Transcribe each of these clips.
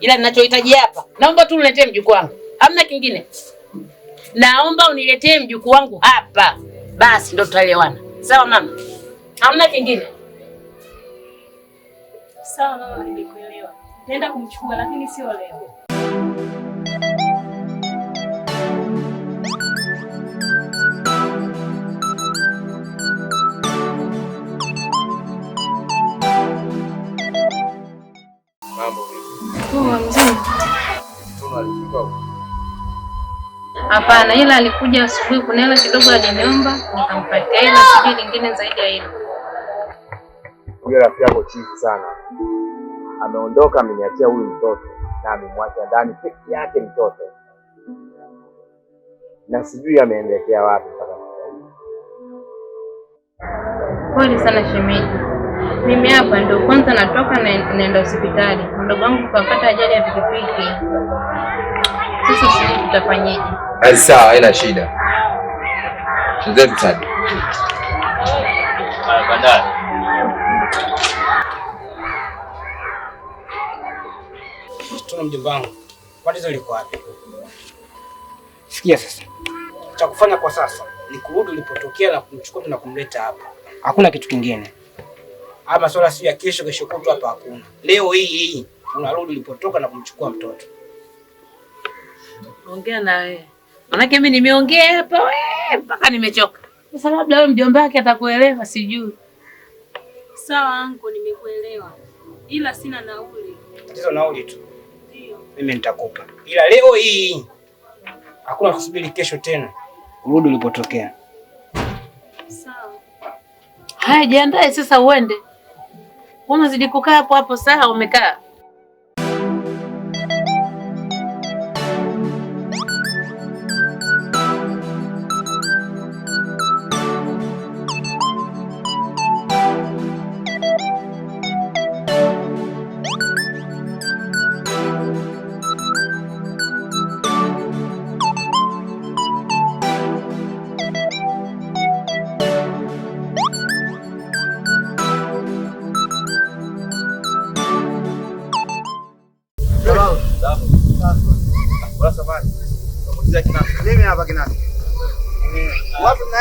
ila ninachohitaji hapa, naomba tu uniletee mjukuu wangu, hamna kingine. Naomba uniletee mjukuu wangu hapa, basi ndo tutaelewana. Sawa mama, hamna kingine. Sawa mama, nilikuelewa. Nenda kumchukua lakini sio leo. Mambo Tunu Hapana, ila alikuja asubuhi, kuna hela kidogo aliniomba nikampatia, ila sijui lingine zaidi ya hilo. Huyo rafiki yako chizi sana, ameondoka ameniachia huyu mtoto na amemwacha ndani peke yake mtoto, na sijui ameendekea wapi mpaka sasa. Pole sana shemeji. Mimi hapa ndo kwanza natoka na naenda hospitali, mdogo wangu kapata ajali ya pikipiki. Sasa sisi tutafanyaje? Sawa, haina shida, chezeni tuna mjomba wangu, tatizo liko wapi? Sikia sasa, cha kufanya kwa sasa ni kurudi ulipotokea na kumchukua na kumleta hapa, hakuna kitu kingine ama swala sio ya kesho kesho kutwa, hapa hakuna. Leo hii hii unarudi ulipotoka na kumchukua mtoto. Ongea na wewe manake mimi nimeongea hapa wewe mpaka nimechoka. Sasa labda wewe mjomba wake atakuelewa, sijui. Sawa anko, nimekuelewa, ila sina nauli. Hizo nauli tu ndio mimi nitakupa, ila leo hii hakuna kusubiri kesho tena, urudi ulipotokea. Sawa, haya, jiandae sasa uende. Unazidi kukaa hapo hapo, sawa umekaa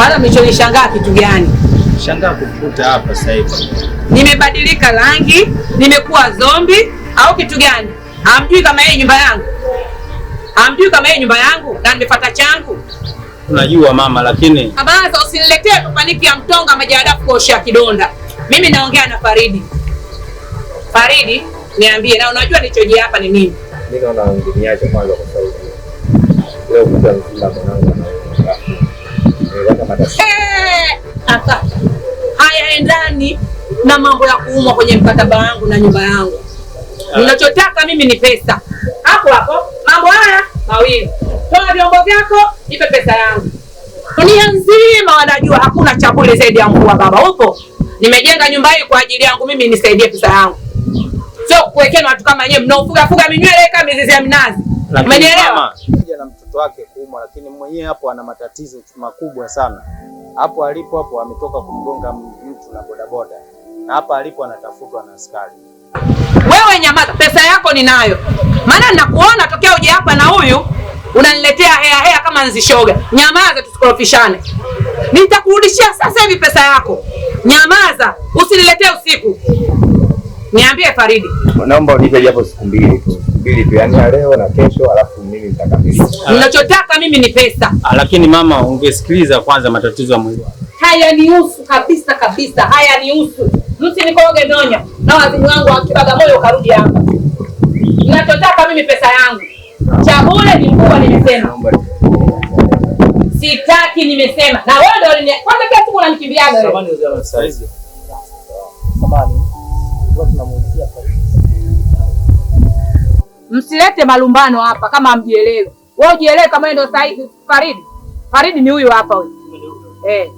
Kwanza mlichonishangaa kitu gani? Shangaa kukuta hapa sasa hivi. Nimebadilika rangi, nimekuwa zombi au kitu gani? Hamjui kama hii nyumba yangu? Hamjui kama hii nyumba yangu na nimefuata changu? Unajua mama, lakini abaza, usiniletee kupaniki ya mtonga majaada kuosha kidonda. Mimi naongea na Faridi. Faridi, niambie na unajua nilichojia hapa ni nini? Mimi naona ungeniacha kwanza kwa sababu leo mwanangu kupeleka madrasa. Eh, aka hayaendani na mambo ya kuumwa kwenye mkataba wangu na nyumba yangu. Ninachotaka mimi ni pesa. Hapo hapo mambo haya mawili, toa vyombo vyako, nipe pesa yangu. Dunia nzima wanajua hakuna chakula zaidi ya mvua. Baba upo, nimejenga nyumba hii kwa ajili yangu mimi, nisaidie pesa yangu, sio kuwekeni watu kama nyewe mnaofuga fuga minywele kama mizizi ya mnazi. Umenielewa? na mtoto wake anaumwa, lakini mwenyewe hapo ana matatizo makubwa sana. Hapo alipo hapo ametoka kumgonga mtu na bodaboda, na hapa alipo anatafutwa na askari. Wewe nyamaza, pesa yako ninayo, maana ninakuona tokea uje hapa na huyu unaniletea hea hea kama nzishoga. Nyamaza, tusikorofishane. Nitakurudishia sasa hivi pesa yako. Nyamaza, usiniletee usiku. Niambie Faridi, naomba unipe japo siku mbili tu, mbili tu, yani leo na kesho, alafu mimi nitakamilisha. Ah, Ninachotaka mimi ni pesa. Ah, lakini mama, ungesikiliza kwanza matatizo ya mwili wako. Hayanihusu kabisa kabisa, hayanihusu. Msi nikoge nonya na wazimu wangu akibaga moyo karudi hapa. Ninachotaka mimi pesa yangu. chakula ni mkubwa, nimesema sitaki, nimesema na wewe ndio kwanza, kila siku unanikimbiaga wewe msilete malumbano hapa kama mjielewe. Wewe ujielewe kama ndio sahihi. Farid. Farid ni huyu hapa huyu. Eh. eh.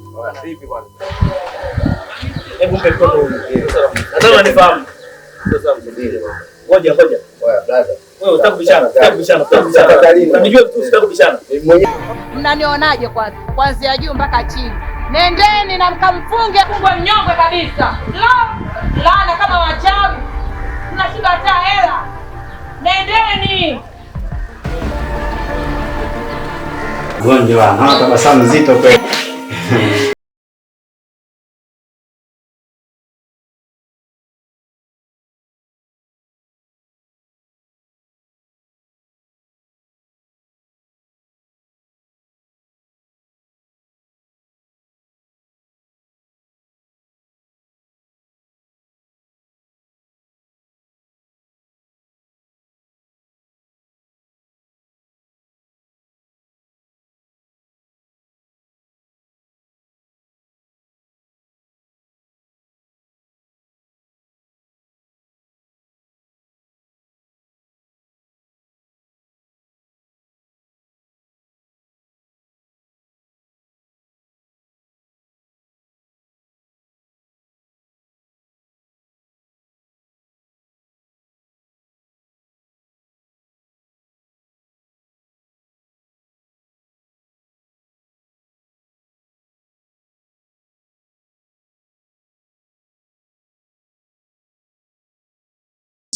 Hebu huyu. Nataka nifahamu. Ngoja ngoja. Oya brother. Mnanionaje kwanza, kuanzia juu mpaka chini? Nendeni na mkamfunge kungwe mnyongwe kabisa. La, kama wachawi. Tunashinda hata hela. Nendeni. Gonjwa, anatabasamu zito kweli.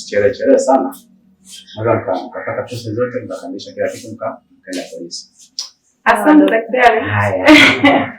msichelewe chelewe sana, naweza mkapata pesa zote mkakamilisha kila kitu mkaenda polisi. Asante daktari. Haya.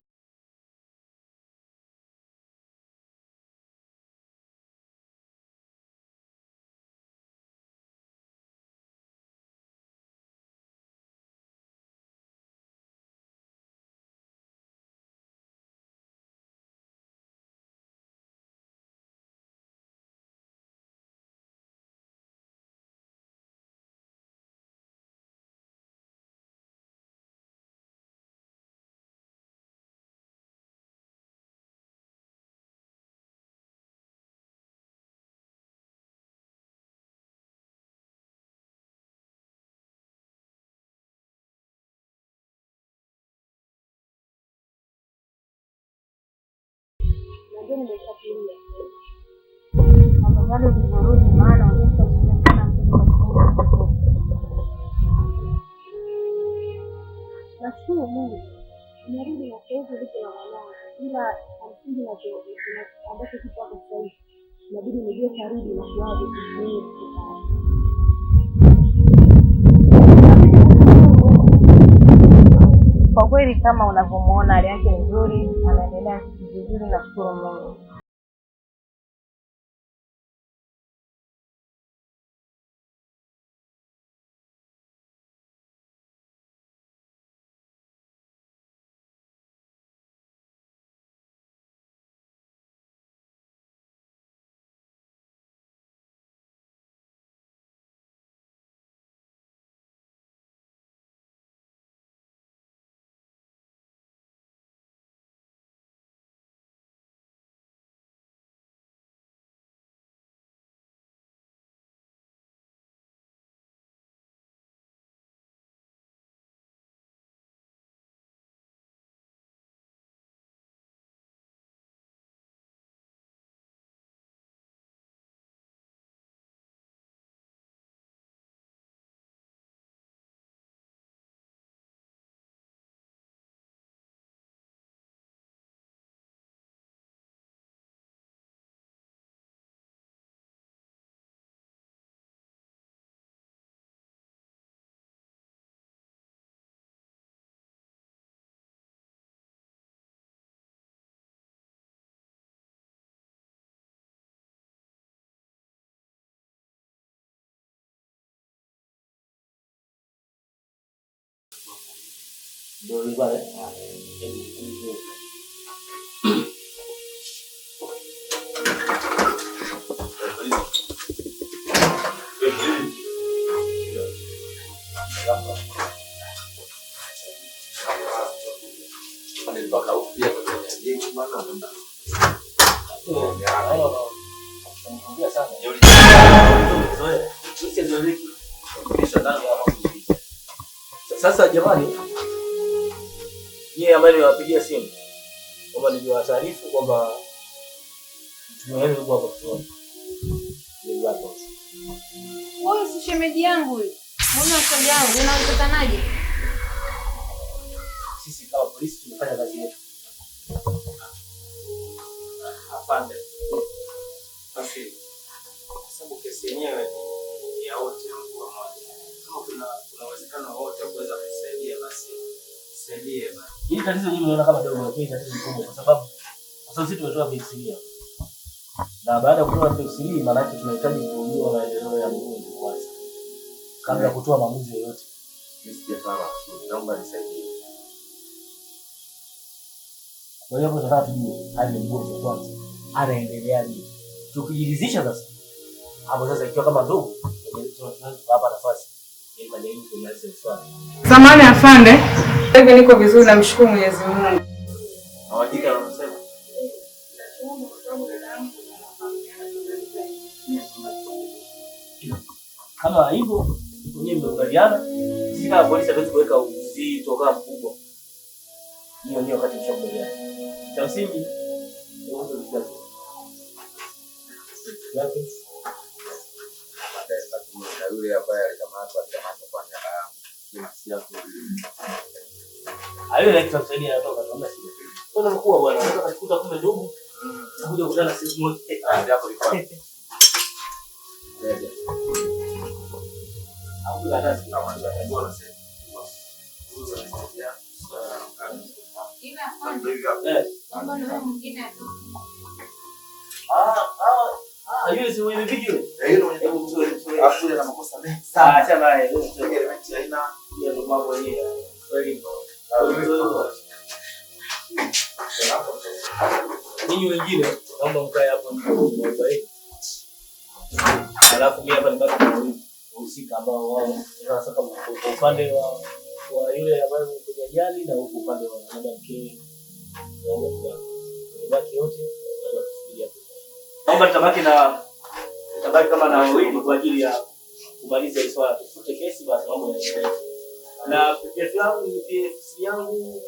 hiyo nimeshakulia afadhali usinarudi maana nashukuru mungu nimerudi na sauti vitu na mwanangu ila amsingi ambacho kipo hapo sasa hivi inabidi nijue karibu na kuaje kwa kweli kama unavyomwona hali yake nzuri anaendelea 指の太もも。Sasa jamani yeye ambaye niwapigia simu kwamba nijiwataarifu kwamba huyu si shemeji yangu, mbona shemeji yangu, unawezekanaje? tatizo hili unaona kama dogo, lakini tatizo kubwa, kwa sababu kwa sababu sisi tumetoa PCB na baada ya kutoa PCB, maana yake tunahitaji kujua maendeleo ya mgonjwa kwanza kabla ya kutoa maamuzi yoyote. Naomba nisaidie. Kwa hiyo hapo tunataka tujue hali ya mgonjwa kwanza anaendelea anaendeleaje, tukijiridhisha sasa hapo sasa, ikiwa kama ndugu tunaanza kuwapa nafasi Samani afande, hivi niko vizuri, namshukuru Mwenyezi Mungu. Kama hivyo wenyewe mmekubaliana, sisi kama polisi hatuwezi kuweka uzito kama mkubwa. Hiyo ndio wakati mshakubaliana. Cha msingi yule ambaye alikamatwa alikamatwa kwa niaba yangu. Sina si yako. Ayo ile tutasaidia anatoka tunaona ah, sisi. Kwa nini kwa bwana unataka kukuta kumbe ndugu? Kuja kukutana sisi mmoja. Ah, hapo ni kwa. Hapo dada sina mwanzo anajua na sisi. Ina kwani? Mbona wewe mwingine atoka? Ah, ah, ah, yule si wewe video acha Ninyi wengine naomba mkae hapo, alafu mimi hapa nibaki na ambao wao sasa, kama upande wa yule ambaye kujajali na huko upande wa baba mkewe, nibaki wote, naomba nitabaki na nitabaki kama na wawili kwa ajili ya tumalize swala tufute kesi basi mambo yanaendelea. Na PF yangu PF yangu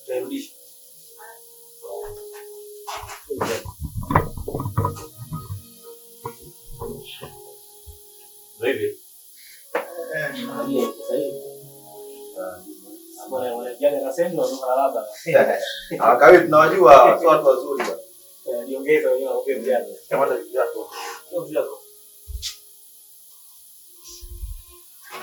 tutarudisha. Vipi? tunawajua watu wazuri bwana. Eh, wenyewe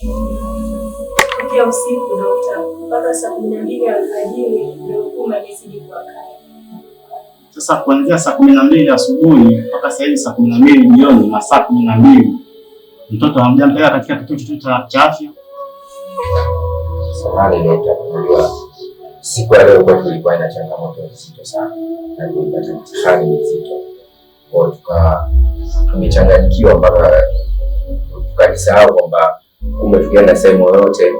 Kukia usiku dokta, mpaka saa kumi na mbili alfajiri ndio hukuma ilizidi kuwa kali. Sasa kuanzia saa kumi na mbili asubuhi mpaka saa hivi saa kumi na mbili jioni, masaa kumi na mbili mtoto hamjampeleka katika kituo chochote cha afya? Samahani dokta, unajua siku ya leo kwetu ilikuwa ina changamoto nzito sana na kulipata mtihani mzito kwao, tuka tumechanganyikiwa mpaka tukajisahau kwamba Kumbe tukienda sehemu yoyote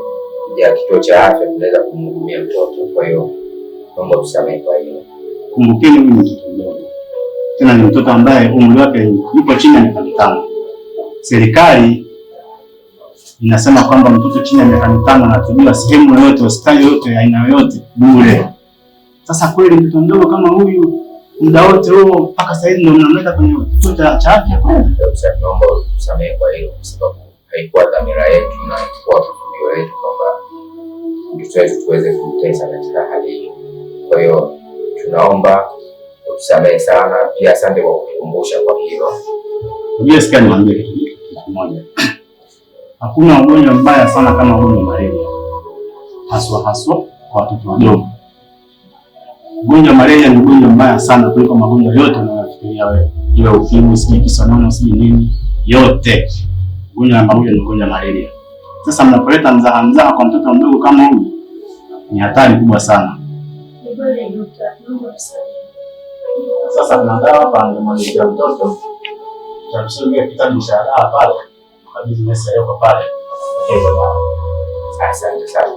ya kituo cha afya tunaweza kumhudumia mtoto. Kwa hiyo naomba tusamehe kwa hiyo. Kumbukeni mimi mtoto mdogo, tena ni mtoto ambaye umri wake yuko chini ya miaka mitano. Serikali inasema kwamba mtoto chini ya miaka mitano anatibiwa sehemu yoyote, hospitali yoyote ya aina yoyote bure. Sasa kweli mtoto mdogo kama huyu muda wote huo mpaka sasa hivi ndio mnamleta kwenye kituo cha afya? kwa hiyo kwa sababu haikuwa dhamira yetu na haikuwa kusudio letu kwamba mtoto tuweze kumtesa katika hali hiyo. Kwa hiyo tunaomba utusamehe sana, pia asante kwa kukumbusha kwa hilo. Ujesikia, hakuna ugonjwa mbaya sana kama ugonjwa malaria, haswa haswa kwa watoto wadogo. Ugonjwa malaria ni ugonjwa mbaya sana kuliko magonjwa yote unayofikiria wewe, iwe ukimwi, sijui kisonono, sijui nini, yote ugonjwa na pamoja ni ugonjwa malaria. Sasa mnapoleta mzaha mzaha kwa mtoto mdogo kama huyu ni hatari kubwa sana. Sasa kuna dawa hapa nimwanikia mtoto tamsomea kitabu cha dawa pale kabisa yako pale. Asante sana.